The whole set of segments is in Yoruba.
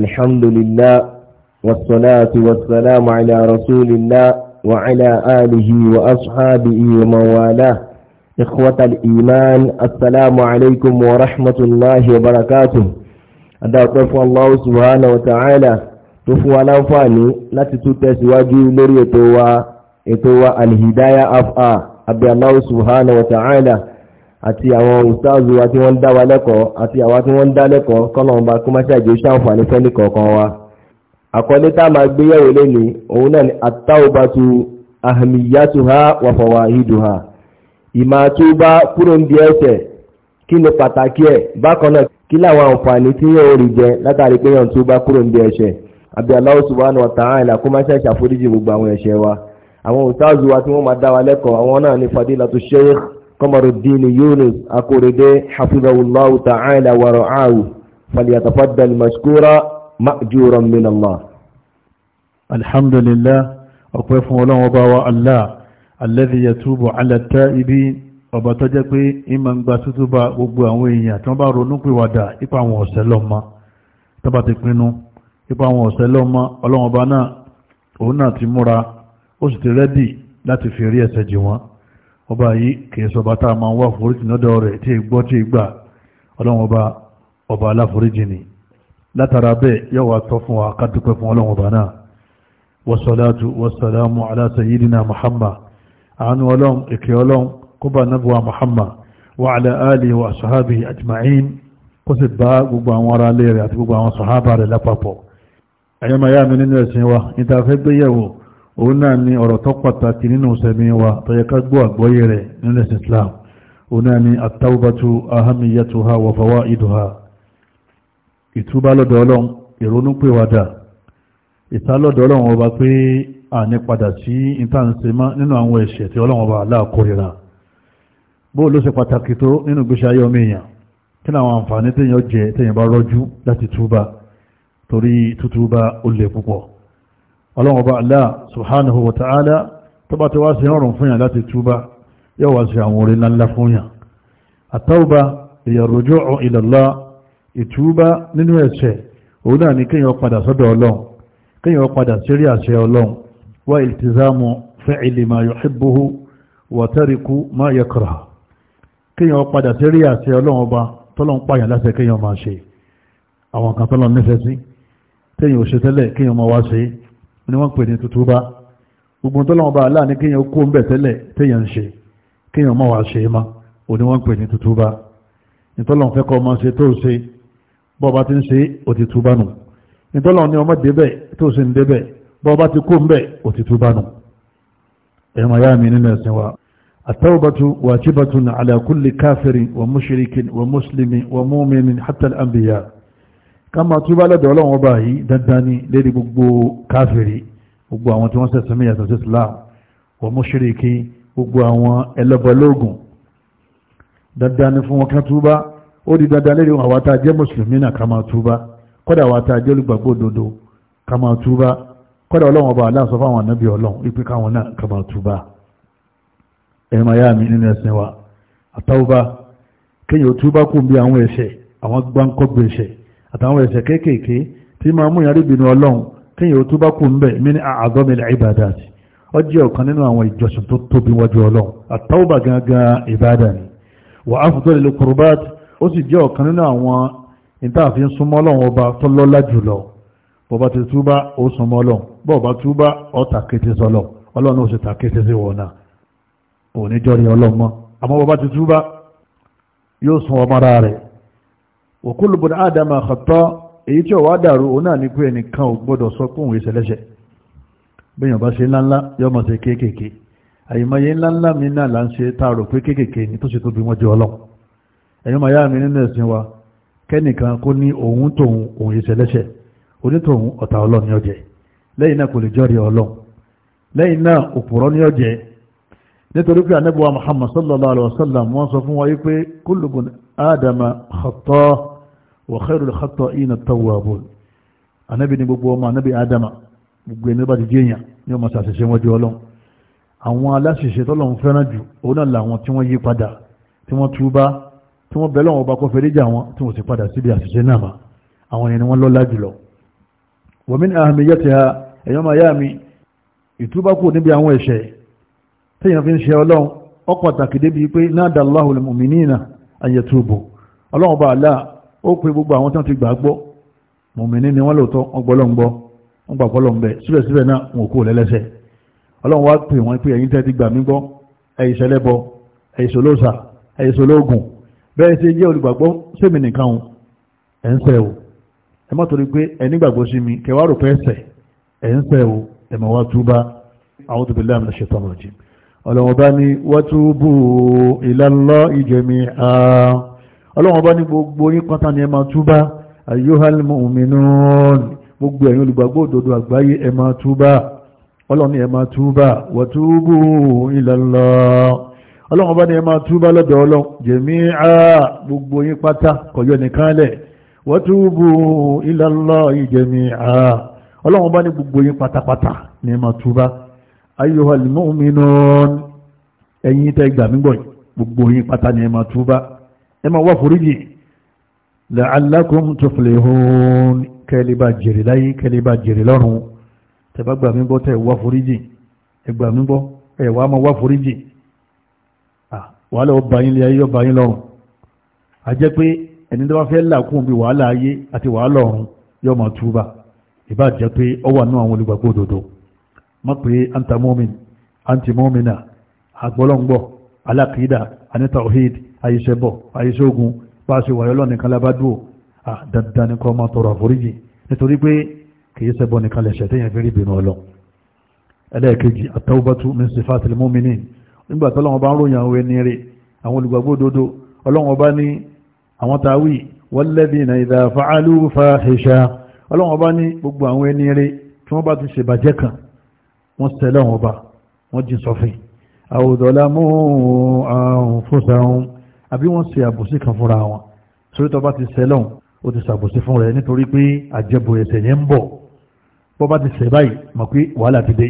الحمد لله والصلاة والسلام على رسول الله وعلى آله وأصحابه وموالاه إخوة الإيمان السلام عليكم ورحمة الله وبركاته أدعو طفو الله سبحانه وتعالى طفو الأنفاني لا تتوتس تتسواجي لريتوا إتوا الهداية أفعى أبي الله سبحانه وتعالى àti àwọn ustaazu wa tí wọ́n ń dá wa lẹ́kọ̀ọ́ àti àwa tí wọ́n ń dá lẹ́kọ̀ọ́ kọ́lọ́mọba kó má ṣàjò ṣàǹfààní fẹ́ni kọ̀ọ̀kan wa àkọlé tá a máa gbé yẹ̀wò lónìí òun náà ni àtàwùbàtú ahàmìyàtúhá wàfọ̀wà ìdùhà ìmà túbá kúrò ń di ẹ̀ṣẹ̀ kí ni pàtàkì ẹ̀ bákan náà kí làwọn àǹfààní tí yóò rí jẹ látàrí Allahu subhanahu wa ta'ala kó má ṣàṣà foríjì gbogbo àwọn ẹ̀ṣẹ̀ wa àwọn ustaazu wa tí wọ́n máa dá wa lẹ́kọ̀ọ́ àwọn náà ni fadilatu sheikh قمر Yunus Akorede hafizahullahu ta'ala wa ra'ahu falyatafaddal mashkura ma'juran min Allah. alhamdulillah ọ̀pẹ́ fún ọlọ́run ọba الله Allah alladhi yatubu ala at-ta'ibin ọba tó jẹ́ pé ìmọ̀ ń gba tútù bá gbogbo àwọn èèyàn tí wọ́n bá ronú pìwàdà ipa àwọn ọ̀sẹ̀ lọ́mọ tó ti pinnu ipa àwọn ọ̀sẹ̀ lọ́mọ ọlọ́run ọba náà òun náà ti múra ó sì ti rẹ́dì láti fi rí ẹsẹ̀ jì wọ́n ọba yìí kìí sọba tá a máa ń wá foríjì lọ́dọ̀ rẹ̀ tí gbọ́ tí gbà ọlọ́run ọba ọba aláforíjì ni látara bẹ́ẹ̀ yóò wá tọ́ fún wa ká dúpẹ́ fún ọlọ́run ọba náà wasalaatu wasalaamu ala sayyidina muhammad àánú ọlọ́run èkè ọlọ́run kó bá nàbùwà muhammad wa ala ali wa sahabi ajma'in kó sì bá gbogbo àwọn ará ilé àti gbogbo àwọn sahaba òun náà ni ọ̀rọ̀ tó pàtàkì nínú sẹ́mi wa tọ́yẹ́ká gbọ́ àgbọ́yé rẹ̀ nílẹ̀ Islam òun náà ni àtàwùbátú ahamiyatuha wa fawaiduha ìtúbá lọ́dọ̀ ọlọ́run ìrónúpìwàdà ìtàlọ́dọ̀ ọlọ́run ọba pé tí jẹ bá láti túbá torí ó púpọ̀ ọlọ́run bá Allah subhanahu wa ta'ala tó bá ti wá sí ọrùn fún yàn láti túbá yóò wá sí àwọn orí ńláńlá fún yàn àtọ́ọ̀bá ìyàrójú ila Allah ìtúbá nínú ẹ̀ṣẹ̀ òun náà ni kíyàn padà sọ́dọ̀ ọlọ́run kíyàn padà sírí àṣẹ ọlọ́run wá ìltizámu fa'ili ma yuhibbuhu wa tariku ma yakrahu kíyàn padà ni wọ́n pè ní tuntun bá gbogbo tó lọ́wọ́ bá aláà ní kíyàn kó ń bẹ̀ tẹ́lẹ̀ téyàn ń ṣe kíyàn mọ́ wà ṣe é má ò ní wọ́n pè ní tuntun bá ìtọ́lọ̀ fẹ́ kọ́ ọmọ ṣe tó ṣe bọ́ọ̀bá ti ń ṣe òtítù bá nù ìtọ́lọ̀ ọmọ débẹ̀ tó ṣe ń débẹ̀ bọ́ọ̀bá ti kó ń bẹ̀ òtítù bá nù ẹ̀mọ̀ mi nínú ẹ̀sìn wa التوبة واجبة على كل كافر ومشرك ومسلم ومؤمن حتى الأنبياء ká máa túbá lọ́dọ̀ ọlọ́run ọba yìí dandan ni lérí gbogbo káfìrí gbogbo àwọn tí wọ́n sẹ̀sẹ̀ mí yàtọ̀ sí islam wọ́n mùṣírikí gbogbo àwọn ẹlẹ́bọlógún dandan ni fún wọn ká túbá ó di dandan lérí àwọn àwátá jẹ́ mùsùlùmí náà ká máa túbá kọ́dà àwátá jẹ́ olùgbàgbọ́ òdodo ká máa túbá kọ́dà ọlọ́run ọba aláàsọ fáwọn ànábì ọlọ́run ipe káwọn náà ká máa túbá ẹ̀rọ màyá mi nínú ẹ̀sìn wa àtàwùbá kéèyàn túbá kùn bí àwọn ẹ̀ṣẹ̀ àwọn gbáǹkọ́gbẹ̀ àtàwọn ẹ̀ṣẹ̀ kéékèèké tí máa mú yàrá ìbínú ọlọ́run tí yóò tó bá kú ń bẹ̀ mí ọ ọ̀kan nínú àwọn ìjọsìn tó tóbi wájú ọlọ́run àtàwọ̀bà gangan ìbàdà ni wà á fún tó lè kùrùbát ó sì jẹ́ ọ̀kan nínú àwọn ìtààfin ọba tó lọ́lá jùlọ òkúlù bọ̀dá àdàmà àkàtọ́ èyí tí ó wá dàrú òun náà ní pé ẹnìkan ò gbọ́dọ̀ sọ pé òun ìṣẹ̀lẹ́ṣẹ̀ bẹ́yàn bá ṣe ńláńlá yọ́ mọ̀ sí kéékèèké àyèmáyé ńláńlá mi náà là ń ṣe taarò pé kéékèèké ni tó ṣe tóbi wọ́n jẹ́ ọlọ́run ẹ̀yọ́ màá yá mi nínú ẹ̀sìn wa kẹ́nìkan kó ní òun tòun òun ìṣẹ̀lẹ́ṣẹ̀ onítòun ọ̀tá ọlọ́run nítorí pé anábíwá Muhammad sallallahu alaihi wasallam wọ́n sọ fún wa yí pé kullu bun Adama wa khairul khata'ina at-tawwabun anábì ní gbogbo ọmọ anábì adama gbogbo ẹni bá ti jẹ́ èèyàn ní ọmọ sàṣẹṣẹ wọn jẹ ọlọ́run àwọn aláṣẹṣẹ tọ́lọ́run fẹ́ràn jù òun náà làwọn tí wọ́n yí padà tí wọ́n túbá tí wọ́n bẹ̀rẹ̀ wọn bá kọ́ fẹ́rẹ́ jà wọn tí wọ́n sì padà síbi àṣẹṣẹ náà mà àwọn ẹni wọ́n lọ́lá jùlọ. wa min ahamiyatiha ẹ̀yọ́ máa yá mi ìtúbá kù níbi àwọn ẹ̀ṣẹ̀ fi ń ṣe ọlọ́run ọ pàtàkì débi pé nada Allahul mu'minina an yatubu ọlọ́run bá aláà ó pe gbogbo àwọn tán ti gbà gbọ́ mùmìnì ni wọ́n lóòótọ́ wọ́n gbọ́ lọ́ngbọ́ wọ́n gbà fọ́lọ́ ńbẹ síbẹ̀síbẹ̀ náà wọn kò lẹ́lẹ́sẹ̀ ọlọ́run wá pè wọ́n pé ẹ̀yin tẹ́ ti gbà mí gbọ́ ẹ̀yin ṣẹlẹ́bọ ẹ̀yin ṣolóòṣà ẹ̀yin ṣolóògùn bẹ́ẹ̀ ṣe jẹ́ olùgbàgbọ́ sẹ́mi nìkan o ẹ̀ ń ṣẹ̀ o ẹ má torí pé ẹ nígbàgbọ́ sí mi kẹwàá rò pé ẹ̀ṣẹ̀ ẹ̀ ń ṣẹ̀ o ẹ̀ mọ̀ wá túbá a'udhu billahi minash shaitanir rajim ọlọ́run bá ní watubu ilallahi jami'a ọlọ́run bá ní gbogbo yín pátá ni ẹ máa túbá ayyuhal mu'minun gbogbo ẹ̀yin olùgbàgbọ́ òdodo àgbáyé ẹ máa túbá ọlọ́run ẹ máa túbá wa tubu ila Allah ọlọ́run bá ní ẹ máa túbá lọ́dọ̀ ọlọ́run jami'a gbogbo yín pátá kọ̀yọ́ nìkan lẹ̀ wa tubu ila Allah jami'a ọlọ́run bá ní gbogbo ẹ máa wá foríjì la'allakum tuflihun kẹlẹ́bà jèrè láyé kẹlẹ́bà jèrè lọ́run tẹ́bá gbà mí gbọ́ tẹ́ wá foríjì ẹgbà mí gbọ́ ẹ wá máa wá foríjì wàhálà ọba yín lé ayé ọba yín lọ́run a jẹ́ pé ẹni tó bá fẹ́ làkún bí wàhálà ayé alákìídà anita ohid àyíṣẹ́bọ̀ àyíṣẹ́ogun bá ṣe wà yọ́lọ́ nìkan lábádùó dandan ní kọ́ máa tọrọ àforíjì nítorí pé kìí ṣẹbọ nìkan lẹ̀ṣẹ̀ tẹ́yìn fi rí ìbínú ọlọ ẹlẹ́ẹ̀kejì àtàwùbátú min sifatil mu'minin nígbà tó lọ́wọ́ bá ń ròyìn àwọn ẹni rẹ̀ àwọn olùgbàgbọ́ òdodo ọlọ́wọ́ bá ní àwọn tàwí walladhina idha fa'alu fahisha ọlọ́wọ́ bá ní wọ́n bá aw zalamu anfusahum àbí wọ́n ṣe àbòsí kan fúnra wọn sórí tó bá ti sẹ́lọ̀n ó ti ṣàbòsí fún rẹ̀ nítorí pé àjẹbò ẹ̀ṣẹ̀ yẹn ń bọ̀ bó bá ti ṣẹ̀ báyìí mọ̀ pé wàhálà ti dé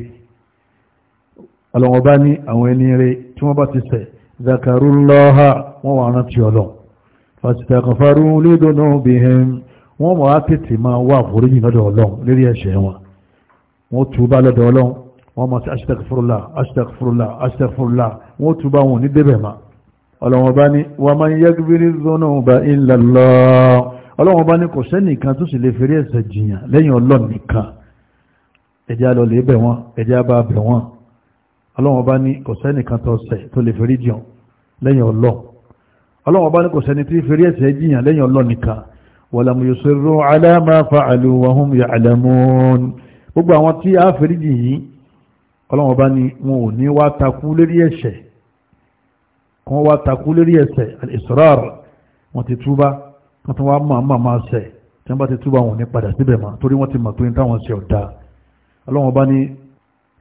ọlọ́wọ́n bá ní àwọn ẹni rẹ̀ tí wọ́n bá ti ṣẹ̀ zakarullaha wọ́n wà rántí ọlọ́ fàṣítàkọ̀fàrú lédónà bihim wọ́n mọ̀ á tètè máa wà àforíjì lọ́dọ̀ lọ́dọ̀ ọlọ́run wọ́n mọ̀ sí aṣtagfurula aṣtagfurula aṣtagfurula wọ́n túbá wọn ní débẹ̀ ma ọlọ́wọ́n bá ní wà máa ń yẹ́gbìrì zọ́nà ọba ìlàlọ́ ọlọ́wọ́n bá ní kò sẹ́nìkan tó sì lè fèrè ẹ̀ṣẹ̀ jìyàn lẹ́yìn ọlọ́run ẹjá lọ lè bẹ̀ wọ́n ẹjá bá bẹ̀ wọ́n ọlọ́wọ́n bá ní kò sẹ́nìkan ọlọ́wọ́n bá ní wọn ò ní wá takú lérí ẹ̀ṣẹ̀ kan wá takú lérí ẹ̀ṣẹ̀ al-israr wọn ti túbá wọn tún wá máa máa ṣẹ̀ tí wọ́n bá ti túbá wọn ní padà síbẹ̀ mọ́ torí wọ́n ti mọ̀ pé táwọn ṣe ọ̀dà ọlọ́wọ́n bá ní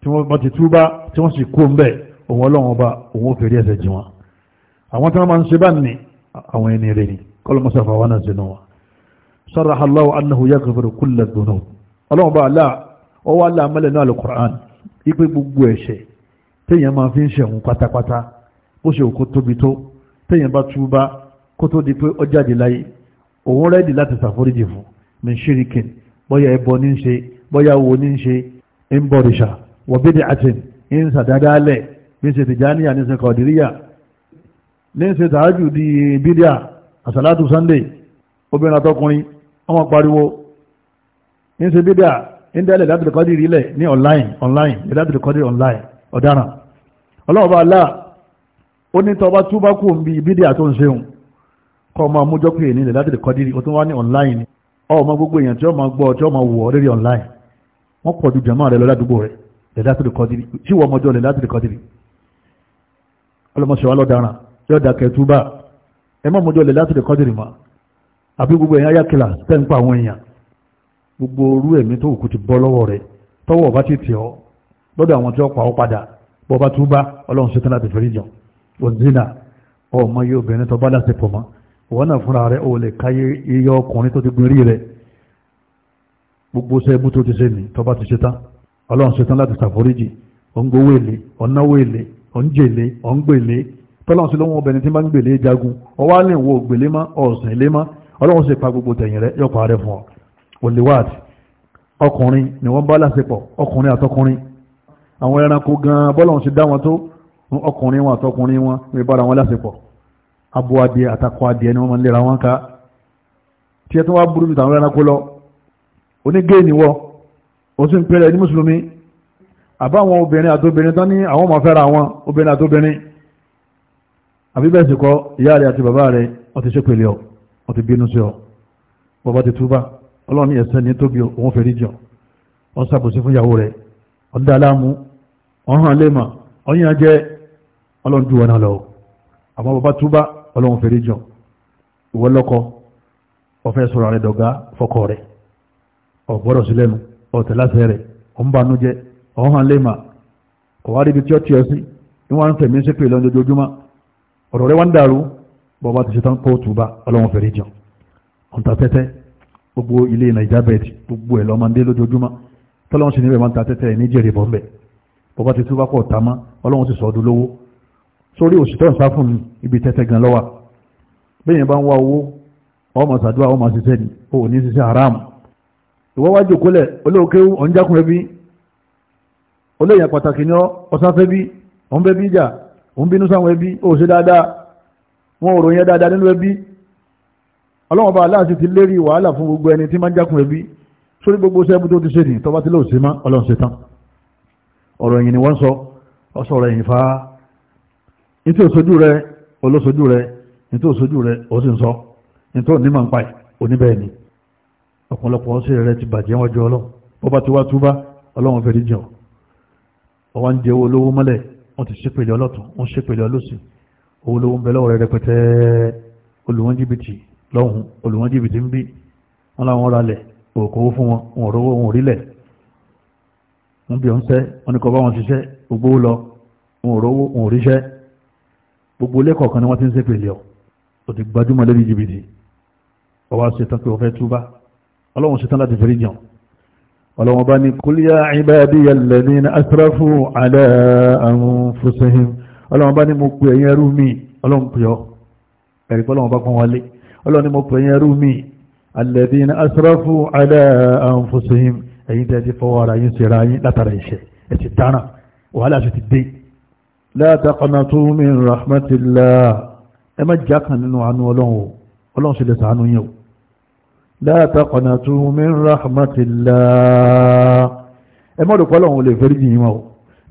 tí wọ́n bá ti túbá tí wọ́n sì kó ń bẹ̀ òun ọlọ́wọ́n bá òun ò fèrè ẹ̀ṣẹ̀ jì wọn àwọn tí wọ́n máa ń ṣe bá ní àwọn ẹni rẹ̀ ni ipe gbogbo ẹ̀ṣẹ̀ téèyàn máa fi ń ṣẹ̀hún pátápátá bó ṣe òkú tóbi tó téèyàn bá túbá kó tó di pé ó jáde láyé òun rẹ́dì láti ṣàforíjì fún mi ṣíríkìn bóyá ẹbọ ní ṣe bóyá wo ní ṣe ń bọ̀rìṣà wọ̀bídì àtìn ń sàdádálẹ̀ bí ṣe tìjáníyà ní ṣe ní ṣe tààjù di bídíà àsàlátù sunday obìnrin àtọkùnrin ọmọ pariwo ń ṣe bídíà níndẹ́lẹ̀ ládùrùkọ́dì rílẹ̀ ní online online ládùrùkọ́dì online ọ̀daràn ọlọ́ọ̀bá alá ó ní tọba túbá kú bí bídíà tó ń seun kọ́ ma mú jọ́pẹ̀ ní ládùrùkọ́dì rí o tún wá ní online ni ọmọ gbogbo èèyàn tí ó ma gbọ́ tí ó ma wọ̀ lórí online wọ́n pọ̀ ju jàmáà rẹ̀ lọ́dàdúgbò rẹ̀ ládùrùkọ́dì rí sí wọ́n mọ́jọ́ ládùrùkọ́dì rí ọlọ́mọṣẹ́wá lọ́daràn yóò dákẹ́ túbá ẹ mọ́ mọ́jọ́ ládùrùkọ́dì rí ma àbí gbogbo èèyàn ayá kìlà tẹ́ ń pa àwọn èèyàn gbogbo orú ẹ̀mí tó kù ti bọ́ lọ́wọ́ rẹ̀ tọ́wọ́ ọba ti tì ọ́ lọ́dọ̀ àwọn tí ó pa ọ́ padà bọ́ ọba túbá ọlọ́run ṣetán láti fẹ́rí jọ òzínà ọmọ yóò obìnrin tó bá láti pọ̀ mọ́ ìwọ náà fúnra rẹ̀ ò lè káyé iye ọkùnrin tó ti gbin rí rẹ̀ gbogbo sẹ́ẹ̀bù tó ti ṣe tọ́ba ti ṣetán ọlọ́run ṣetán láti ṣàforíjì èlé wòlíwáàtì ọkùnrin ni wọ́n bá láṣepọ̀ ọkùnrin àtọkùnrin àwọn ẹranko gan bọ́lọ̀ ṣe dá wọn tó ọkùnrin wọn àtọkùnrin wọn ní bára wọn láṣepọ̀ abo adìẹ àtakọ adìẹ ni wọ́n máa ń lera wọn ká tí ẹ tó wá burú ju tàwọn ẹranko lọ onígéè ni wọ́ o sì ń pẹ́rẹ́ ní mùsùlùmí àbá àwọn obìnrin àtobìnrin tán ní àwọn ọmọ fẹ́ra wọn obìnrin àtobìnrin àbí bẹ́ẹ̀ sì kọ́ ìyá rẹ̀ àti bàbá rẹ̀ ó ti ṣépele ọ ó ti bínú sí ọ bàbá ti túbà ọlọ́run ní ẹ̀sẹ̀ ní tóbi òun fèrè jọ ọ sàbòsí fún ìyàwó rẹ̀ ọ̀dá aláàmú ọ̀hán lẹ́mà ọ̀yìn ajẹ́ ọlọ́run ju wọn lọ àmọ́ bàbá túbá ọlọ́run fèrè jọ ìwọ lọ́kọ ọ̀fẹ́ sọ̀rọ̀ rẹ̀ dọ̀gá fọkọ rẹ̀ ọ̀gbọ́dọ̀ sí lẹ́nu ọ̀tẹ̀ láṣẹ rẹ̀ ọ̀nbànújẹ́ ọ̀hán lẹ́mà kọ̀wárí ibi tí ó tiẹ̀ sí ní wọ́n ń tẹ̀mí sí pé lọ́nà ojoojúmọ́ ọ̀rọ̀ rẹ̀ wá ń dàrú bọ́ba ti ṣetán kóòtù gbogbo ilé naija bet gbogbo ẹ̀ lọ́mọdé lójoojúmọ́ tọ́lọ́wọ́n sì níbẹ̀ máa ń ta tẹ́tẹ́ ní jèrè bọ́ mbẹ̀ bọ́bá ti túbá pọ̀ ta mọ́ ọlọ́wọ́n sì sọ ọdún lówó sórí òṣìṣẹ́ ọ̀sá fún mi ibi tẹ́tẹ́ gan lọ́wà bẹ́yẹn bá ń wá owó ọmọ sàdúrà ọmọ ṣiṣẹ́ ni o ò ní ṣiṣẹ́ haram ìwọ́ wá jòkólẹ̀ olóòkéwú ọ̀njákùnrin bí olóyìn pàtàkì ní ọ̀sáfẹ́ bí òun bẹ́ bí ìjà òun bínú sáwọn ẹbí ó ṣe dáadáa ọlọ́wọ́n bá aláàtí ti lérí wàhálà fún gbogbo ẹni tí máa ń jákun ẹbí sórí gbogbo sẹ́bù tó ti ṣe ní tọ́bá tí lóò sí má ọlọ́run ṣe tán ọ̀rọ̀ ẹ̀yìn ni wọ́n sọ ọ̀sọ̀ ọ̀rọ̀ ẹ̀yìn fáá ní tí òṣojú rẹ olóṣojú rẹ ní òṣojú rẹ ó sì ń sọ ní onímọ̀ ń pa ẹ̀ oníbẹ̀ ni ọ̀pọ̀lọpọ̀ ọ̀sẹ̀ rẹ ti bàjẹ́ wọ́n jọ ọlọ́run bó bá ti wá túbá ọlọ́run fẹ́ẹ́ jẹun ọwọ́ ń jẹ owó olówó mọ́lẹ̀ wọ́n ti ṣépèlè ọlọ́tún wọ́n ṣépèlè ọlọ́sìn olùwọ́n jìbìtì lọ́hùn olùwọ́n jìbìtì ń bí wọ́n láwọn ralẹ̀ òkòwò fún wọn wọn rówó wọn orílẹ̀ wọ́n bí ọ̀nṣẹ́ wọ́n ní kọ́ bá wọn ṣiṣẹ́ gbogbo lọ wọn rówó wọn oríṣẹ́ gbogbo lẹ́kọ̀ọ̀kan ni wọ́n ti ń ṣe pèlè ọ̀ o ti gbajúmọ̀ lórí jìbìtì ọwọ́ ṣetán pé ọfẹ́ túbá ọlọ́run ṣetán láti fẹ́rí jàn ọlọ́run bá ní kúlíyà ibadiya alladhina asrafu ala anfusihim ọlọ́run bá ní mo pè ẹ̀yìn mi ọlọ́run pè ọ́ ẹ̀rí pé bá pọ́n wọlé ọlọ́ni mo pè yẹn rú mi alladhina asrafu ala anfusihim ẹ̀yin tẹ́ ti fọwọ́ ara yín ṣera yín látara ìṣẹ́ ẹ̀ ti dáná wàhálà sì ti dé la taqnatu min rahmatillah ẹ má jákàn nínú àánú ọlọ́run o ọlọ́run sì lè sàánú yẹn o la taqnatu min rahmatillah ẹ má dùkọ́ ọlọ́run lè fẹ́rí yìí mọ́ o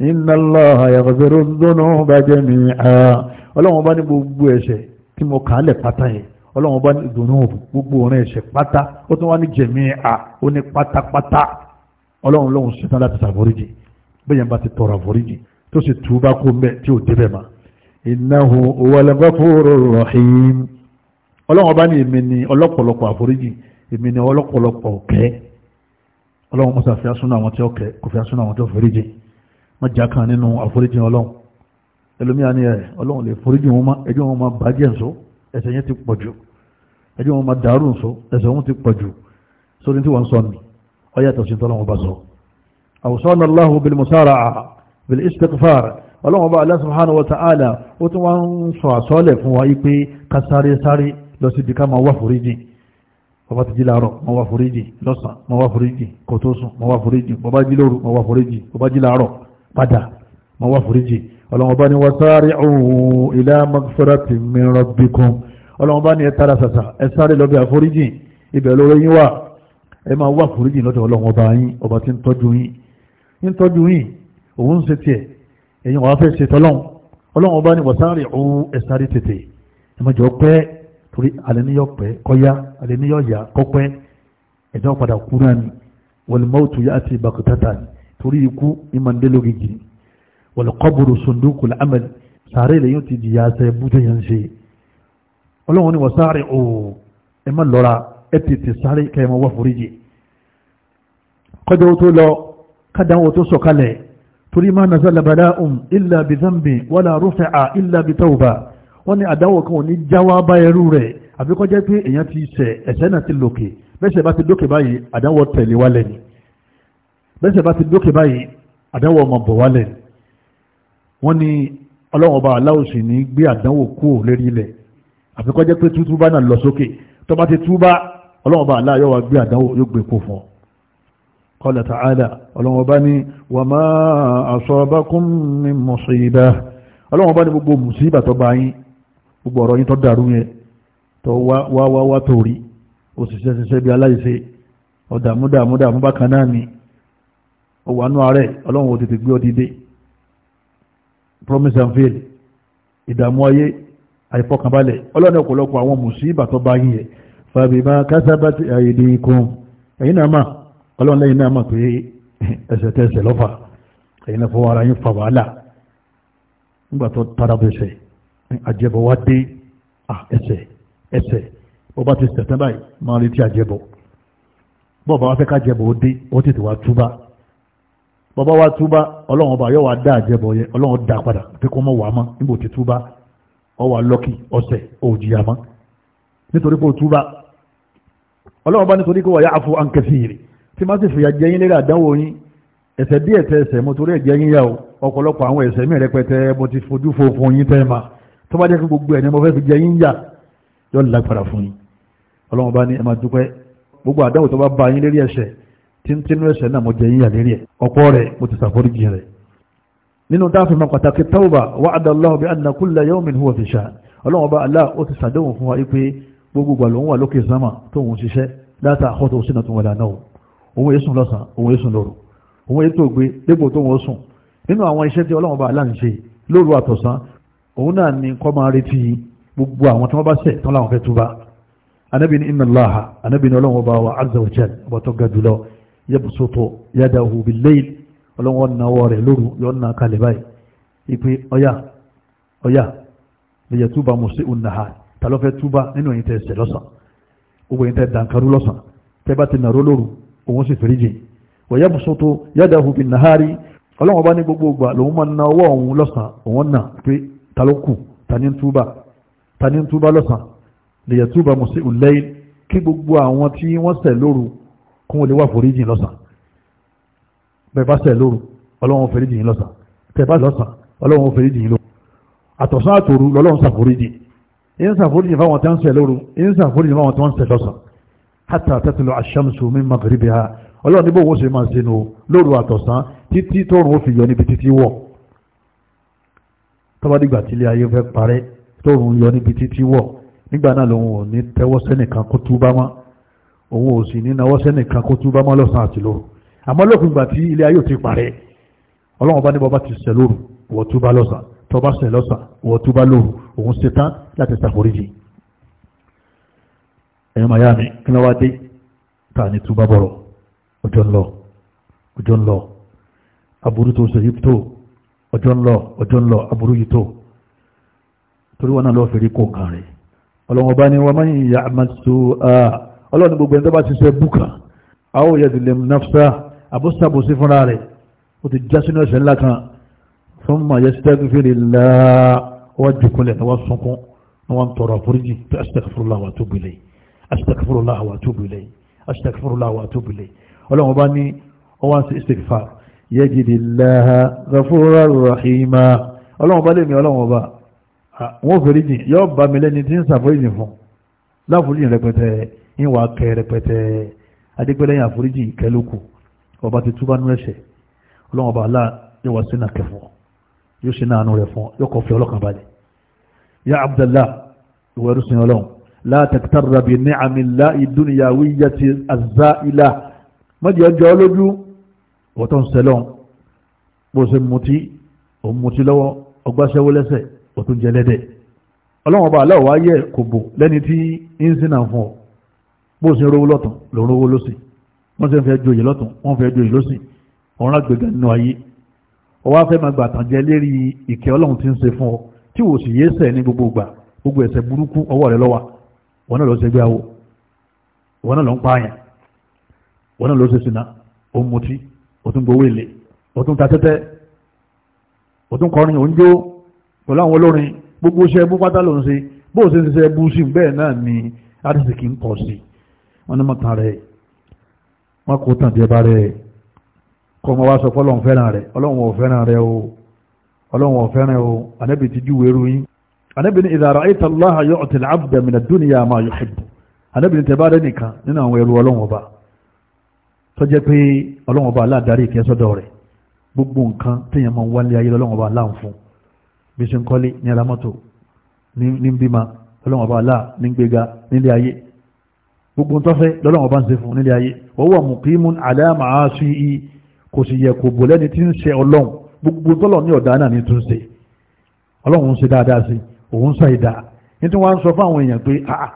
inna Allaha yaghfiru dhunuba jami'a ọlọ́run bá ní gbogbo ẹ̀ṣẹ̀ tí mo kà á lẹ̀ pátá yẹn ọlọ́run bá dùnú gbogbo ọ̀rẹ́ ẹ̀ṣẹ̀ pátá ó tún wá ní jẹ̀mí à ó ní pátápátá ọlọ́run lóhun ṣetán láti ṣàforíjì bẹ́yẹn bá ti tọrọ àforíjì tó sì tú bá kó mbẹ́ tí ò débẹ̀ ma. innahu huwal ghafurur rahim ọlọ́run bá ní èmi ni ọlọ́pọ̀lọpọ̀ àforíjì èmi ni ọlọ́pọ̀lọpọ̀ ọ̀kẹ́ ọlọ́run mọ́sá ni ẹ ọlọ́run lè foríjì wọn má ẹjọ́ wọn ẹ̀ṣẹ̀ yẹn ti pọ̀ jù ẹjọ́ wọn máa dàrú nso ẹ̀ṣẹ̀ wọn ti pọ̀ jù sórí tí wọ́n sọ nù ọyàtọ̀ sí tọ́lọ́wọ́n bá sọ. awsana Allahu bil musara'a bil istighfar ọlọ́wọ́n bá Allah subhanahu wa ta'ala ó tún wá ń sọ àsọ́ọ̀lẹ̀ fún wa pé ká sáré sáré lọ sí ibi ká máa wá foríjì bàbá ti jí láàárọ̀ máa wá foríjì lọ́sàn máa wá foríjì kò sùn máa wá foríjì bàbá jí lóru máa wá foríjì bàbá jí láàárọ̀ padà máa wá foríjì ọlọ́run bá ní wasari'u ila magfirati min rabbikum ọlọ́run bá ní ẹ tara sàṣà ẹ sáré lọ bí àforíjìn ibẹ̀ lórí yín wà ẹ máa wá àforíjìn lọ́dọ̀ ọlọ́run ọba yín ọba tí ń tọ́jú yín ń tọ́jú yín òun ń ṣe tiẹ̀ èyí wàá fẹ́ ṣe tọ́lọ́run ọlọ́run ọba ní wasari'u ẹ sáré tètè ẹ má jọ pẹ́ torí àlẹ́níyọ̀ pẹ́ kọ́yá àlẹ́níyọ̀ wọ̀lùkọ́bùrù sùndúkù lámẹ́lì sàárè lè yóò ti jìyà sẹ bújọ yẹn ṣe ọlọ́run ni wọ́n sáré o ẹ má lọ́ra ẹ tètè sáré kẹ́ ẹ má wá foríjì kọjá o tó lọ kádàn o tó sọ̀kalẹ̀ torí má nàzá labàdá um ilà bí zambi wàlà rúfẹ́ à ilà bí tawba wọ́n ní àdáwọ̀ kan ò ní jáwá bá ẹrú rẹ̀ àfi kọjá pé èèyàn ti sẹ̀ ẹ̀sẹ̀ náà ti lòkè bẹ́sẹ̀ bá ti dókè báyìí àdáwọ̀ tẹ̀lé wálẹ̀ ni wọ́n ní ọlọ́run ọba aláwòsì ní gbé àdánwò kúrò lérí ilẹ̀ àfikọ́ jẹ́ pé tútúbá náà lọ sókè tó bá ti túbá ọlọ́run ọba aláyọ̀ wa gbé àdánwò yóò gbé kó fún ọ qala ta'ala ọlọ́run ọba ní wa ma asabakum min musibah gbogbo mùsíbà tó bá yín gbogbo ọ̀rọ̀ yín tó dàrú yẹn tó wá wá wá torí òṣìṣẹ́ bí aláìṣe ọ̀dàmúdàmúdàmú bákan náà ni ọ̀wánú ààrẹ ọlọ́run ò gbé ọ promise and fail ìdààmú ayé àìfọkànbalẹ̀ ọlọ́run ọ̀pọ̀lọpọ̀ àwọn mùsíbà tó bá yín yẹ fàbíbá kásábàtì àìdínkùn ẹ̀yin náà mà ọlọ́run lẹ́yìn náà mà pé ẹsẹ̀ tẹsẹ̀ lọ́fà ẹ̀yin náà fọwọ́ ara yín fà wàhálà nígbà tó tara bẹ̀sẹ̀ àjẹbọ wá dé ẹsẹ̀ ẹsẹ̀ bó bá ti sẹ̀tẹ́ báyìí máa retí àjẹbọ bọ́ọ̀ bá wá fẹ́ ká ó dé ó tètè wá túbà bọ́bá wa túbá ọlọ́run ọba yóò wá dá àjẹbọ yẹ ọlọ́run dá padà pé kó mọ̀ wá mọ́ níbo ti túbá ọ wà lọ́kì ọ̀sẹ̀ òjìyà mọ́ nítorí pé o túbá ọlọ́run ọba nítorí pé wà yá àfọ àǹkẹ́sìrì tí má sì fìyà jẹ yín lérí àdánwò yín ẹ̀ṣẹ̀ díẹ̀ tẹ ẹ̀ṣẹ̀ mo torí ẹ̀jẹ̀ yín yà o ọ̀pọ̀lọpọ̀ àwọn ẹ̀ṣẹ̀ mi rẹpẹtẹ mo ti fojú fo fún yín tẹ́ ni mo fẹ́ fi jẹ yín yà yọ tí ń tínú ẹ̀ṣẹ̀ náà mo jẹ yín yàlérí ẹ̀ ọ̀pọ̀ rẹ̀ mo ti ṣàforíjì rẹ̀ nínú dáàfin ma pàtàkì tawba wa'ada Allahu bi anna kulla yawmin huwa fi sha'n ọlọ́run ọba Allah ó ti ṣàdéhùn fún wa pé gbogbo ìgbà lòun wà lókè sánmà tóun ṣiṣẹ́ láta àkọ́tọ̀ òsínà tó wọlé náà òun èsùn lọ́sàn òun èsùn lóru òun ètò ògbé dépò tóun sùn nínú àwọn iṣẹ́ tí ọlọ́run ọba Allah ń ṣe lóru àtọ̀sán òun náà ni kọ́ máa retí gbogbo àwọn tí wọ́n bá ṣẹ̀ tán láwọn fẹ́ túbá anábìnrin inna Allaha anábìnrin ọlọ́run ọba wa wa jal ọba tó yẹ́bùsọ̀tọ̀ yádàhù bil-layl ọlọ́wọ́ náwọ́ rẹ̀ lóru yọ́ náà kalẹ̀ báyìí ipe ọya ọya lèyẹ túbà mùsí ònàhà tàlọ́fẹ́ túbà nínú ẹ̀yin tẹ́ ẹsẹ̀ lọ́sàn gbogbo ẹ̀yin tẹ́ dànkarú lọ́sàn tẹ́ bá ti nàró lóru òun sì fèrè jìn wọ̀yẹ́bùsọ̀tọ̀ yádàhù bin-nahari ọlọ́wọ́ bá ní gbogbo ògbà lòun máa na ọwọ́ òun lọ́sàn òun náà pé ta ló kù ta ní túbà ta ní túbà lọ́sàn lèyẹ túbà mùsí ònàhà kí gbogbo àwọn tí wọ́n ṣẹ̀ lóru kún olè wà foríjì lọ́sàn bẹ́ẹ̀ bá sẹ̀ lóru ọlọ́run foríjì yín lọ́sàn tẹ̀ bá lọ́sàn ọlọ́run foríjì yín lóru àtọ̀sán àtòru lọ́lọ́run ṣàforíjì ń ṣàforíjì fáwọn tó ń sẹ̀ lóru ń ṣàforíjì fáwọn tó ń sẹ̀ lọ́sàn hátà tatlu ash-shamsu min maghribiha ọlọ́run níbo wọ́n ṣe máa ṣe nù lóru àtọ̀sán títí tóorùn ó fi yọ níbi títí wọ̀ tọ́bádìgbà tílé ayé fẹ́ parẹ́ tóorùn yọ níbi títí wọ̀ nígbà náà lòun ò ní tẹ́wọ́ sẹ́nìkan kó túbá mọ́ òun ò sì ní nawọ́ sẹ́nìkan kó túbá mọ́ lọ́sàn àti lóru àmọ́ lókun gbà tí ilé ayé ò ti parẹ́ ọlọ́run bá ní bọ́ba ti sẹ̀ lóru wọ́n túbá lọ́sàn tọ́ba sẹ̀ lọ́sàn wọ́n túbá lóru òun ṣe tán láti ṣàforíjì ẹ̀yin máa yá mi kí ló dé ta ni túbá bọ̀rọ̀ ọjọ́ ńlọ ọjọ́ ńlọ aburú tó ṣe yìí tó ọjọ́ ńlọ ọjọ́ ńlọ aburú yìí tó torí wọn náà lọ́ọ́ fi rí kó kàn rẹ̀ ọlọ́run bá ní wọ́n máa ń yà tó a ọlọ́run gbogbo ẹni tó bá ṣiṣẹ́ búkà àwọn òye ti lè nafsa àbúṣàbòsí fúnra rẹ̀ ó ti já sínú ẹ̀ṣẹ̀ ńlá kan fún mà yẹ sítẹ́gì fèrè láà wọ́n jùkúnlẹ̀ ni wọ́n sunkún ni wọ́n tọrọ àforíjì pé astaghfirullah wa tubu ilayhi astaghfirullah wa tubu ilayhi astaghfirullah wa tubu ilayhi ọlọ́run bá ní ọwọ́n sí istighfar yajidillaha ghafuran rahima ọlọ́run bá lè mi ọlọ́run ìwà kẹ rẹpẹtẹ adégbélẹ́yìn àforíjì ìkẹlókù ọba ti túbá nú ẹ̀ṣẹ̀ ọlọ́wọ́n ọba aláà yóò wá sínú akẹ́fọ́ yóò ṣe náà nù rẹ̀ fún yóò kọ́ fi ọlọ́kàn balẹ̀ ya abdallah ìwọ ẹrú sin ọlọ́run látàkítàrà bí ní àmì ńlá ìdúnìyàwó ìyá ti àzá ilá mọ́jì ọjọ́ lójú ọ̀tọ̀ ń sẹlọ́n bó ṣe mutí òun mutí lọ́wọ́ ọgbàṣẹ́wó lẹ́sẹ̀ ọ̀tún jẹlẹ́dẹ̀ ọlọ́run ọba aláwọ̀ wáyé kò bò lẹ́ni tí ń sìn fún ọ bó ṣe rówó lọ́tún ló rówó lọ́sìn wọ́n ṣe ń fẹ́ joyè lọ́tún wọ́n fẹ́ joyè lọ́sìn ọ̀run àgbègbè nínú ayé ọwọ́ afẹ́ máa gbà tàn jẹ lérí ìkẹ́ ọlọ́run ti ń ṣe fún ọ tí wò sì yéṣẹ̀ ní gbogbo ìgbà gbogbo ẹ̀ṣẹ̀ burúkú ọwọ́ rẹ lọ́wà wọn náà lọ ṣe gbé awo wọn náà lọ ń pààyàn wọn náà lọ ṣe sinà ó ń mutí ó tún gbowó èlé ó tún ta tẹ́tẹ́ ó tún kọrin ó pẹ̀lú àwọn olórin gbogbo iṣẹ́ bú pátá ló ń ṣe bó ṣe ń ṣiṣẹ́ bú bẹ́ẹ̀ náà ni adìsí kì pọ̀ sí i wọ́n ní mọ̀tàn rẹ̀ wọ́n kò tàn jẹ́ bá rẹ̀ kọ́ ọmọ wa sọ fọ́lọ́n fẹ́ràn rẹ̀ ọlọ́run ò fẹ́ràn rẹ̀ o ọlọ́run ò fẹ́ràn o ànábì ti júwe eru yín ànábì ní idha ra'ayta Allaha yu'ti al-'abda min ad-dunya ma yuhibbu ànábì ní tẹ́bá rẹ̀ nìkan nínú àwọn ẹrú ọlọ́run ọba tó jẹ́ pé ọlọ́run ọba aláàdárí ìkẹ́ sọ́dọ̀ rẹ̀ aláà ní gbogbo ń tọ́fẹ́ lọ́lọ́wọ́ bá ń ṣe fún nílé ayé wọ́wọ́ muqimun ala ma'asihi kò sì yẹ kò bò lẹ́ni tí ń ṣe ọlọ́run gbogbo tọ́lọ̀ ní ọ̀dá náà ní tún ṣe ọlọ́run ń ṣe dáadáa sí òun sọ ìdá ní tí wọ́n ń sọ fáwọn èèyàn pé àà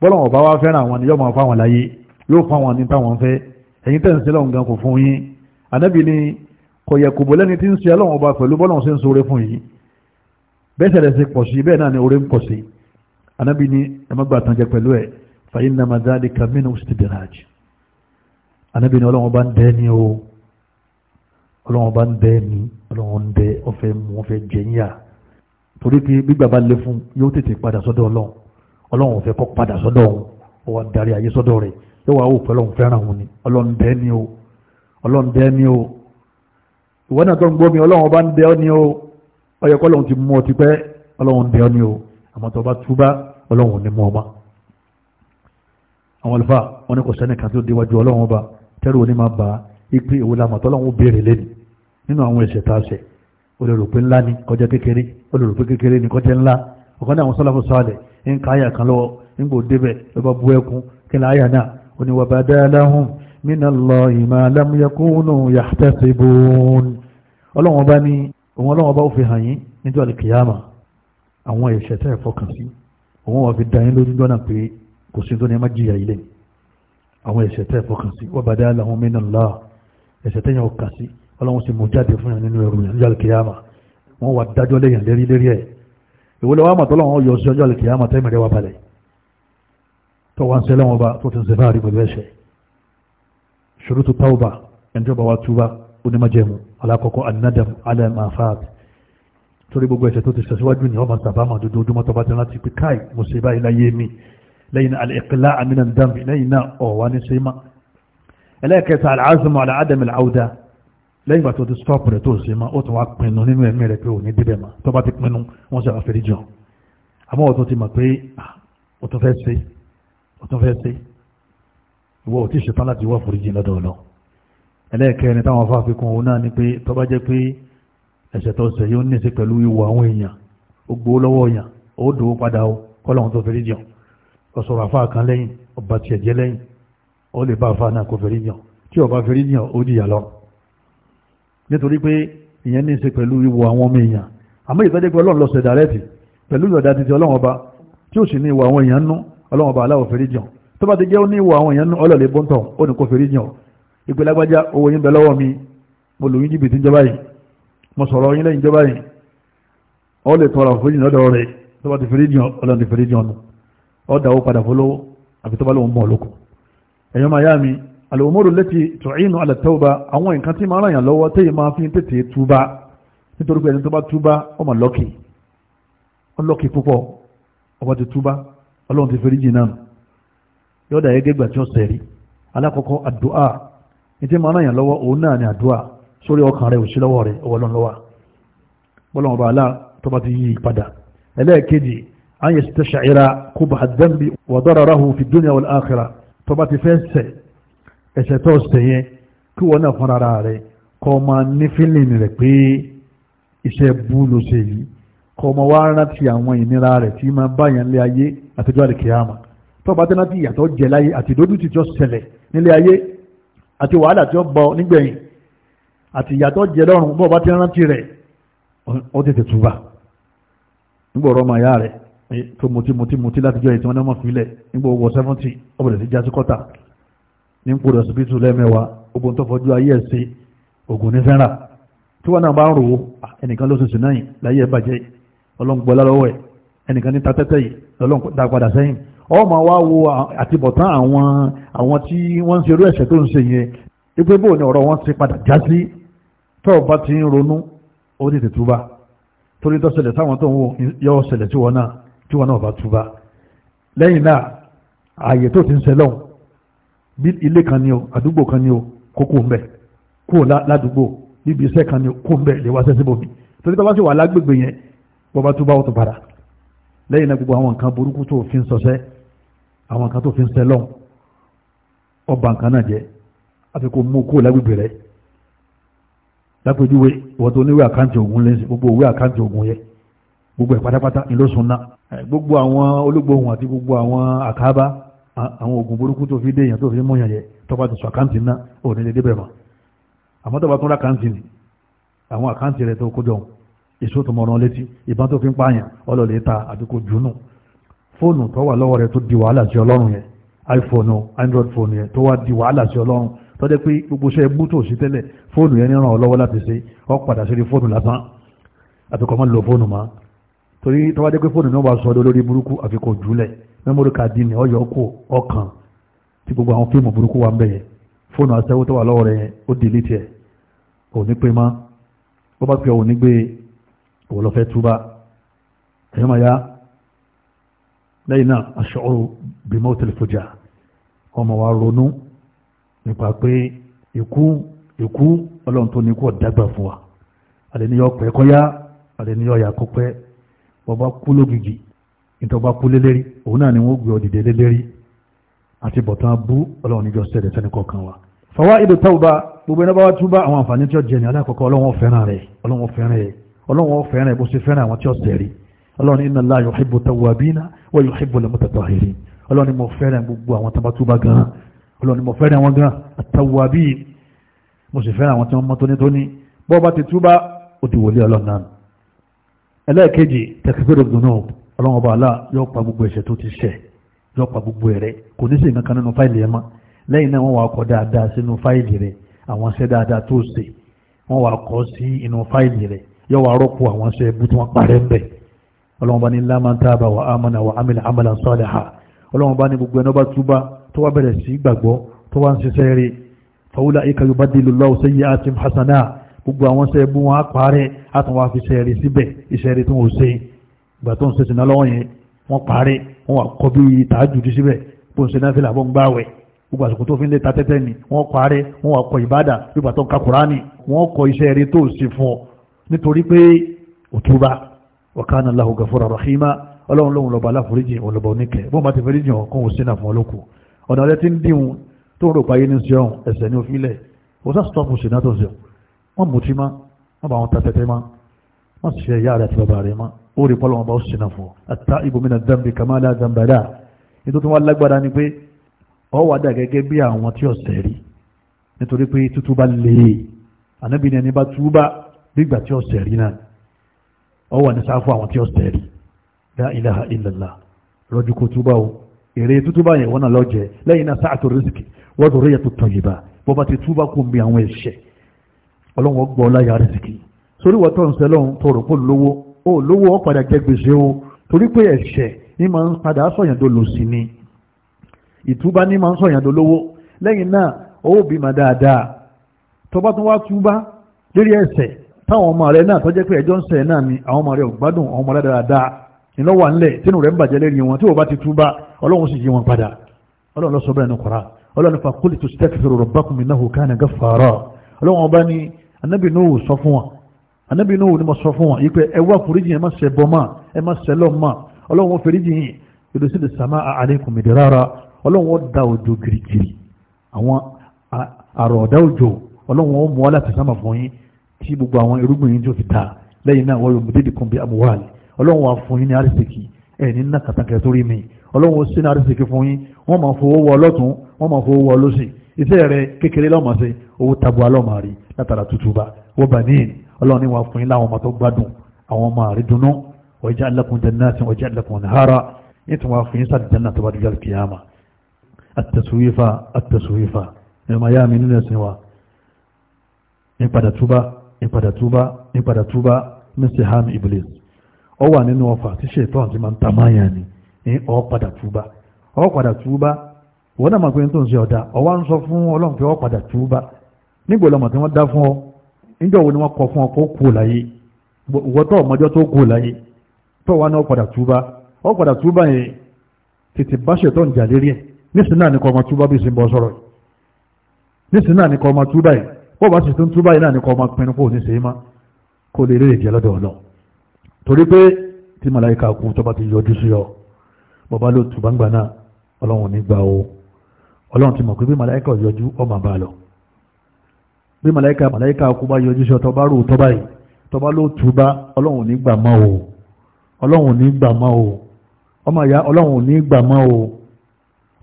bọ́lọ̀wọ̀ bá wá fẹ́ràn àwọn yọ́ máa fáwọn láyé yóò fáwọn ní táwọn fẹ́ ẹ̀yin tẹ́ ń ṣe lọ́hùn gan kò fún yín ànábì ni kò yẹ kò bò lẹ́ni tí ń ṣe ọlọ́run ọba pẹ̀lú bọ́lọ̀run ṣe ń sore fún yìí bẹ́ẹ̀ ṣẹlẹ̀ ṣe pọ̀ sí bẹ́ẹ̀ náà ni oore ń pọ̀ sí ànábì ni ẹ má gbà tán jẹ pẹ̀lú ẹ̀ fàyín nàmà záàdì kàmínú stidraj anábì ní ọlọ́run bá ń dẹ́ ni o ọlọ́run bá ń dẹ́ ni ọlọ́run ń dẹ́ ọ̀fẹ́ mú ọ̀fẹ́ jẹ̀yà torí pé bí bàbá lé fún yóò tètè padà sọ́dọ̀ ọlọ́run ọlọ́run ò fẹ́ padà sọ́dọ̀ òun ó wá darí ayé sọ́dọ̀ rẹ̀ yóò wá òpè ọlọ́run fẹ́ràn òun ni ọlọ́run dẹ́ ni o ọlọ́run dẹ́ ni o ìwọ náà tó ń gbómi ọlọ́run bá àwọn alfa wọn ní kò sẹ́ni kan tó déwájú ọlọ́run ọba tẹ́rù oní máa bá ipe ìwé lamọ̀tọ́ ọlọ́run ó béèrè lẹ́nu nínú àwọn ẹ̀ṣẹ̀ tá a ṣẹ̀ ó ńlá ni kọjá kékeré ó kékeré ni kọjá ńlá ọ̀kan ní àwọn sọ́láfù sọ́ọ̀lẹ̀ ń ka àyà kan lọ́wọ́ ń gbò débẹ̀ ló bá bú ẹkún kí ni àyà náà ó ní wàbàdà lahum minallahi ma lam yakunu kò sí tó ní má jìyà ilé àwọn ẹ̀ṣẹ̀ tẹ́ fọkàn sí wọ́n bàdá lahum minallah ẹ̀ṣẹ̀ tẹ́yàn ọkàn sí ọlọ́run sì mú jáde fún yàn nínú ẹrù yàn ní alkiyama wọ́n wà dájọ́ léyàn lérí lérí ẹ̀ ìwọlẹ̀ wa màtọ́ lọ́wọ́ yọ sí ọjọ́ alkiyama tẹ́mẹ̀rẹ́ wa balẹ̀ tó wá ń sẹ́lẹ̀ wọn bá tó ti ń sẹ́fẹ́ àríwọ̀ lẹ́ṣẹ̀ ṣurutu tauba ẹni tó bá wa túbá onímọ̀jẹ̀mú alákọ̀ọ́kọ́ torí gbogbo ẹ̀ṣẹ̀ tó ti ṣàṣíwájú ni wọ́n sàbámà dúdú ojúmọ́ tó bá pé káì mo ṣe báyìí láyé mi lẹ́yìn الإقلاع من الدم lẹ́yìn náà ọ̀wá ní símá ẹlẹ́ẹ̀kẹta aláàzùmọ̀ aláàdẹ̀mì àwùdá lẹ́yìn ìgbà tó ti stop rẹ̀ tó símá ó tún wá pinnu nínú ẹ̀mí rẹ̀ pé ò ní débẹ̀ mà tó bá ti pinnu wọ́n sì àfẹ́rí jọ àmọ́ ọ̀tún ti mọ̀ pé ó tún fẹ́ ṣe ó tún fẹ́ ṣe ìwọ ò tí ṣetán láti wá foríjì lọ́dọ̀ lọ ẹlẹ́ẹ̀kẹrin táwọn afá fi òun náà ni pé tó bá jẹ́ pé ẹ̀ṣẹ̀ tó ṣe yóò ní ṣe pẹ̀lú ìwà àwọn èèyàn ó gbowó lọ́wọ́ èèyàn ó dòwó padà ó kọ́lọ́hún tó foríjì ọ̀hún ọ̀sọ̀rọ̀ àfa kan lẹ́yìn ọba tiẹ̀ jẹ́ lẹ́yìn ó lè bá àfa náà kó fẹ́rí yàn tí ọba fẹ́rí yàn ó jìyà lọ. nítorí pé ìyẹn ní í ṣe pẹ̀lú ìwọ àwọn ọmọ èèyàn àmọ́ ìfẹ́dé pé ọlọ́run lọ́sẹ̀ dàrẹ́tì pẹ̀lú ìyọ̀dá titi ọlọ́run ọba tí ó sì ní ìwọ àwọn èèyàn nú ọlọ́run ọba aláwọ̀ fẹ́rí yàn tó bá ti jẹ́ ó ní ìwọ àwọn èèyàn nú ọlọ́ọ̀lẹ́ bọ́ńtọ̀ ó ní kó fẹ́rí yàn ìpè owó yín bẹ lọ́wọ́ mi mo lù yín jìbìtì ìjọba yìí mo sọ̀rọ̀ yín lẹ́yìn ìjọba yìí ọ lè tọrọ àforíjì lọ́dọ̀ rẹ̀ tó bá ti fẹ́rí yàn ọlọ́run ti fẹ́rí yàn nù ọ padà fọlọ́wọ́ àbí tó bá lóun mọ̀ lóko ẹ̀yọ́ máa yá mi àlòmọ́rò lẹ́tì tọ̀ínú alẹ́tọ́ba àwọn nǹkan tí máa ń ràn lọ́wọ́ téyì máa fi tètè túbá nítorí pé ẹni tó bá túbá ọmọ lọ́kì ọlọ́kì púpọ̀ ọba ti túbá ọlọ́run ti fẹ́rí jìnnà tí ó sẹ̀rí alákọ̀ọ́kọ́ àdúà tí máa lọ́wọ́ òun náà ni àdúà sórí ọkàn òsì lọ́wọ́ ọwọ́ lọ́wọ́ an yastash'ira qubha ad-dambi wa dararahu fi dunya wal akhirah tó bá ti fẹ́ ṣẹ̀ ẹ̀ṣẹ̀ tó ṣẹ̀ yẹn kí wọ́n náà fúnra ara rẹ̀ kọ́ máa ní fílìn rẹ̀ pé iṣẹ́ bú ló ṣe yìí kọ́ máa wá rántí àwọn ìnira rẹ̀ tí máa báyàn lé ayé àtijọ́ àdìkìyàmà tó bá tẹ́lá tí ìyàtọ̀ jẹ láyé àti ìdójútì tó ṣẹlẹ̀ nílé tó mutí mutí mutí láti jọ ìtìwọ́n náà mọ̀ fílẹ̀ nígbà owó seventy ó bẹ̀rẹ̀ sí jásí kọ́tà ní ń pòrò ọ̀sìbítù lẹ́mẹ̀wàá ogun tó fọjú ayé ẹ̀ sí ogun ní fẹ́ràn tí wọ́n náà bá ń rò ó ẹnìkan ló ṣoṣù náà láyé ẹ̀ bàjẹ́ ọlọ́ngbọ́lá lọ́wọ́ ẹ̀ ẹnìkan ní tatẹ́tẹ́ yìí lọ́lọ́ngbọ́dá padà sẹ́yìn ọmọ ni ọ̀rọ̀ wọn ti padà já sí tó o bá ti ń ronú ó ní tí wọn náà bá túbá lẹ́yìn náà ààyè tó ti ń sẹlọ́n bí ilé kan ni o àdúgbò kan ni o kókó ń bẹ̀ kó ládùúgbò níbi iṣẹ́ kan ni o kó ń bẹ̀ lè wá sẹ́sẹ́ bòmí torí tó bá sì wà lágbègbè yẹn bó bá túbá ó tó padà lẹ́yìn náà gbogbo àwọn nǹkan burúkú tó fi ń sọsẹ́ àwọn nǹkan tó fi ń sẹlọ́n ọba nǹkan náà jẹ́ àfi kò mú kó lágbègbè rẹ̀ lápèjúwe ìwọ̀n tó níwé àkáǹtì ògùn lẹ́sìn gbogbo òwe àkáǹtì ògùn yẹn gbogbo ẹ̀ pátápátá ni ló sunna gbogbo àwọn ológbòhùn àti gbogbo àwọn àkábá àwọn oògùn burúkú tó fi déèyàn tó fi mú yàn yẹ tọ́ba ti sọ àkáǹtì ná ò ní lè débẹ̀ mọ́ àmọ́ tọ́ba tún rà àkáǹtì ni àwọn àkáǹtì rẹ̀ tó kó jọ èso tó mọ̀ràn létí ìbọn tó fi ń pààyàn ọlọ́ọ̀lẹ́ ta àdúgbò jùnú fóònù tó wà lọ́wọ́ rẹ̀ tó di wàhálà sí ọlọ́run yẹn iphone android phone yẹn tó wá di wàhálà sí ọlọ́run tó jẹ́ pé gbogbo iṣẹ́ ẹgbú tó sí tẹ́lẹ̀ fóònù yẹn ní ràn ọ́ lọ́wọ́ láti ṣe ọ́ padà sí fóònù lásán àtọkọ́ máa lo fóònù máa torí tó bá jẹ́ pé fóònù náà wà sọ́dọ̀ lórí burúkú àfikò jùlẹ̀ mẹ́mórí kàdí ni ọyọ̀ kó ọkàn tí gbogbo àwọn fíìmù burúkú wà ń bẹ̀yẹ fóònù aṣẹ́wó tó wà lọ́wọ́ rẹ̀ ó dìlí tiẹ̀ òní pé má ó bá pè òní gbé òwò lọ́fẹ́ túbá ẹ̀yọ́ máa yá lẹ́yìn náà aṣọ bímọ tẹlifójà ọmọ wa ronú nípa pé ikú ikú ọlọ́run tó ní kú ọ̀dàgbà fún wa àlẹ́ ní yọ pẹ́ kọ́ àlẹ́ ní yọ yà kó bọ́bá kú lógìgì ìtọ́ba kú lélẹ́rí òun náà ni wọ́n gbé ọdìdẹ lélẹ́rí àti bọ̀tán bú ọlọ́run níjọ sẹ́dẹ̀ sẹ́ni kọ̀ọ̀kan wa. fàwa ìdè tàwùbá gbogbo iná bá wá túbá àwọn àǹfààní tí ó jẹ ní alákọ̀ọ́kọ́ ọlọ́run fẹ́ràn rẹ̀ ọlọ́run fẹ́ràn rẹ̀ ọlọ́run fẹ́ràn bó ṣe fẹ́ràn àwọn tí ó sẹ̀rí ọlọ́run inna Allah yuhibbu tawwabina wa yuhibbu al-mutatahhirin ọlọ́run mo ọlọ́run mo fẹ́ràn wọn ẹlẹ́ẹ̀kejì tẹ̀kífẹ́rẹ́ gbọ̀nà ọlọ́wọ́n bá aláà yọ pa gbogbo ẹ̀ṣẹ̀ tó ti ṣẹ̀ yọ pa gbogbo ẹ̀rẹ́ kò ní sí nǹkan nínú fáìlì ẹ̀ mọ́ lẹ́yìn náà wọ́n wà kọ́ dáadáa sínú fáìlì rẹ̀ àwọn ṣẹ́ dáadáa tó ṣe wọ́n wà kọ́ sí inú fáìlì rẹ̀ yọ wà rọ́pò àwọn ṣẹ́ ẹbú tí wọ́n parẹ́ ń bẹ̀ ọlọ́wọ́n ní lámà gbogbo àwọn ṣe ẹbú wọn á parẹ́ àtún wá fi ṣẹ̀rí síbẹ̀ ìṣẹ̀rí tó ń ṣe ìgbà tó ń ṣe ṣìnà lọ́wọ́ yẹn wọ́n parẹ́ wọ́n wà kọ́ bí tààjùdí síbẹ̀ bó ń ṣe náà fìlà bó ń gbáwẹ̀ gbogbo àsìkò tó fi ń lé ta tẹ́tẹ́ ni wọ́n parẹ́ wọ́n wà kọ ìbádà nígbà tó ń ka kùránì wọ́n kọ iṣẹ́ rí tó ṣe fún ọ nítorí pé òtúbà wa kana wọ́n mutí má wọ́n bá wọn ta tẹ́tẹ́ má wọ́n sì ṣe ìyá rẹ̀ àti bàbá rẹ̀ má ó rí pọ́lọ́wọ́n bá ó sì náà fún ata ibòmínà zambi kamala zambada nítorí wọn lágbára ni pé ọ wà dà gẹ́gẹ́ bí àwọn tí ọ̀sẹ̀ rí nítorí pé tútú bá lè ànábì ní ẹni bá túbá gbígbà tí ọ̀sẹ̀ rí náà ọ wà ní sáfù àwọn tí ọ̀sẹ̀ rí la ilaha illallah rọ́jú kó túbá o èrè tútúbá yẹn wọ́n náà lọ́jẹ̀ lẹ́yìn náà sáàtò rìsíkì wọ́n tó rí yẹtò tọ̀yìnbá bọ́ bá ti túbá kó ń bí àwọn ẹ̀ṣẹ̀ ọlọ́run gbọ́ ọláyà rìsìkì sórí wọ́n tó ń sẹ́lọ́run tó rò pé lówó ó lówó ó padà jẹ gbèsè o torí pé ẹ̀ṣẹ̀ ní máa ń padà sọ̀yàn dolo sí ni ìtúbá ní máa ń sọ̀yàn dolówó lẹ́yìn náà owó bímọ dáadáa tó bá tún wá túbá lérí ẹ̀ṣẹ̀ táwọn ọmọ rẹ náà tọ́jẹ́ pé ẹjọ́ ń sẹ̀ náà ni àwọn ọmọ rẹ ò gbádùn àwọn ọmọ rẹ dáadáa ìlọ́wà ńlẹ̀ tínú rẹ̀ ń bàjẹ́ lérí wọn tí ò bá ti túbá ọlọ́run sì yí wọn padà ọlọ́run lọ bẹ́ẹ̀ ní Kùránì ọlọ́run fa qultu istaghfiru rabbakum innahu kana ghaffara ọlọ́run ọba ní anábì Nuhu sọ fún wọn anábì Nuhu ni mo sọ fún wọn yìí pé ẹ wá foríjì ẹ má ṣe bọ́ mọ́ ẹ má ṣe lọ́ mọ́ ọlọ́run wọn foríjì yìí ìdòsí lè sàmà àlékún mi rárá ọlọ́run wọn da òjò gírígírí àwọn àròọ̀dá òjò ọlọ́run wọn mú wa láti sámà fún tí gbogbo àwọn irúgbìn yín tó fi ta lẹ́yìn náà wọ́n yóò mú dídì kún bí ọlọ́run wa fún yín ní iṣẹ́ rẹ kékeré lọ́mọ ṣe owó tabua lọ́mọ rí látara tutù bá wọ́n bá níyìn ọlọ́run ní wàá fún yín láwọn ọmọ tó gbádùn àwọn ọmọ àrídùnú ọjà alákùn jannatin ọjà alákùn nahara yín tí wàá fún yín sáà jẹ́nà tó bá dúdú alkiyama àtẹ̀sùwífà àtẹ̀sùwífà ẹ̀rọ máa yá mi nínú ẹ̀sìn wa ìpadà túbá ìpadà túbá ìpadà túbá mr ham iblis ọ wà ni ọ padà túbá ọ padà túbá wọ́n náà máa pe tó ń ṣe ọ̀dà ọ̀wá ń sọ fún ọlọ́run pé wọ́n padà túbà nígbà ọlọ́mọ tí wọ́n dá fún ọ níjọ́ wo ni wọ́n kọ fún ọ kó kú láyé wọ́n tọ́ ọmọjọ́ tó kú láyé tó wà náà padà túbà ọ padà túbà yẹn tètè bá ṣètò ìjà lérí ẹ̀ nísìnyí náà ni kò ọmọ túbà bí ṣe ń bọ́ sọ̀rọ̀ nísìnyí náà ni kò ọmọ túbà yìí bó bá ṣe tún túbà yìí náà ni kò ọmọ pinnu kó ọlọ́run ti mọ̀ pé bí màláíkà yọjú ọmọ bá lọ bí màláíkà màláíkà kú bá yọjú sọ tọba rò tọba yìí tọba ló tù bá ọlọ́run ní gbà mọ́ o ọlọ́run ní gbà mọ́ o ọmọ ìyá ọlọ́run ní gbà mọ́ o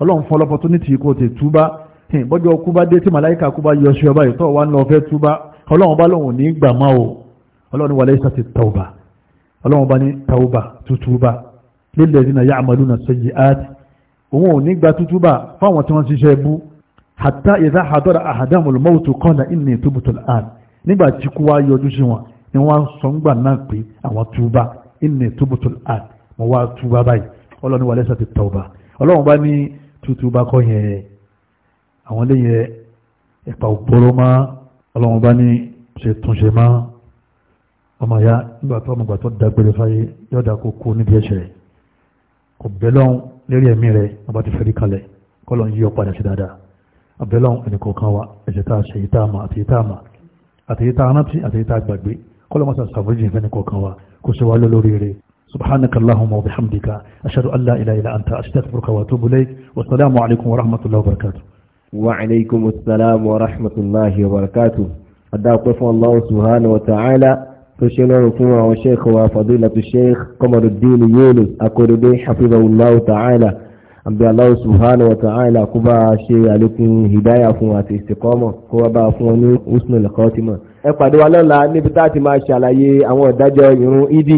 ọlọ́run fún opportunity kò tè tú bá bọ́jọ́ kú bá dé tí màláíkà kú bá yọ sí ọba tọ́ ya'maluna sayyi'at òun ò ní gba tútúbà fáwọn tí wọ́n ṣiṣẹ́ bú hatta idha hadara ahadáhùn mọ́wùtù kọ́nà inni tubtu al-an nígbà tí kú wá yọjú sí wọn ni wọ́n sọ ń gbà náà pé àwọn túbà inni tubtu al-an mo wá túbà báyìí ọlọ́run wà lẹ́sà ti tọ̀ba ọlọ́run bá ní tútúbà kọ́ yẹn àwọn lè yẹ ẹ̀pà òpóró mọ́ ọlọ́run bá ní ṣe túnṣe mọ́ ọmọ ya nígbà tó ọmọ gbà tó dágbére fáyé yọ̀dà lérí ẹ̀mí rẹ̀ ọba ti fẹ́rí kalẹ̀ kọ́lọ̀ ń yí ọ padà sí dáadáa abẹ́lọ́n ẹnìkọ̀ọ̀kan wa ẹ̀ṣẹ̀ tá a ṣe yìí tá a mọ̀ àti yìí tá a mọ̀ àti yìí tá a rántí àti yìí tá a gbàgbé kọ́lọ̀ mọ́sà sàfúrìjì fẹ́ ẹnìkọ̀ọ̀kan wa kó ṣe wá lórí rẹ̀ subhanaka wa bihamdika ashhadu an la ilaha illa anta astaghfiruka wa atubu ilayk wa assalamu alaykum wa rahmatullahi wa barakatuh wa alaykum assalam wa rahmatullahi wa barakatuh adá pẹ́ fún subhanahu wa ta'ala tó ṣe lọ́rùn fún àwọn sheikh wa fadilatu sheikh Qamaruddin Yunus Akorede hafizahullahu ta'ala àbí Allah subhanahu wa ta'ala kó bá ṣe àlékún hidaya fún àti istiqama kó wá bá fún wọn ní husnul khatimah. ẹ pàdé wa lọ́la níbi tá a ti máa ṣàlàyé àwọn ìdájọ́ ìrun ìdí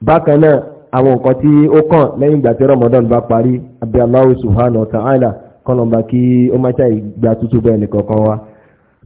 bákan náà àwọn nǹkan tí ó kàn lẹ́yìn ìgbà tí Ramadan bá parí àbí subhanahu wa ta'ala kọ́nà bá kí ó má ṣàì gbà tútù bẹ́ẹ̀ nìkan wa.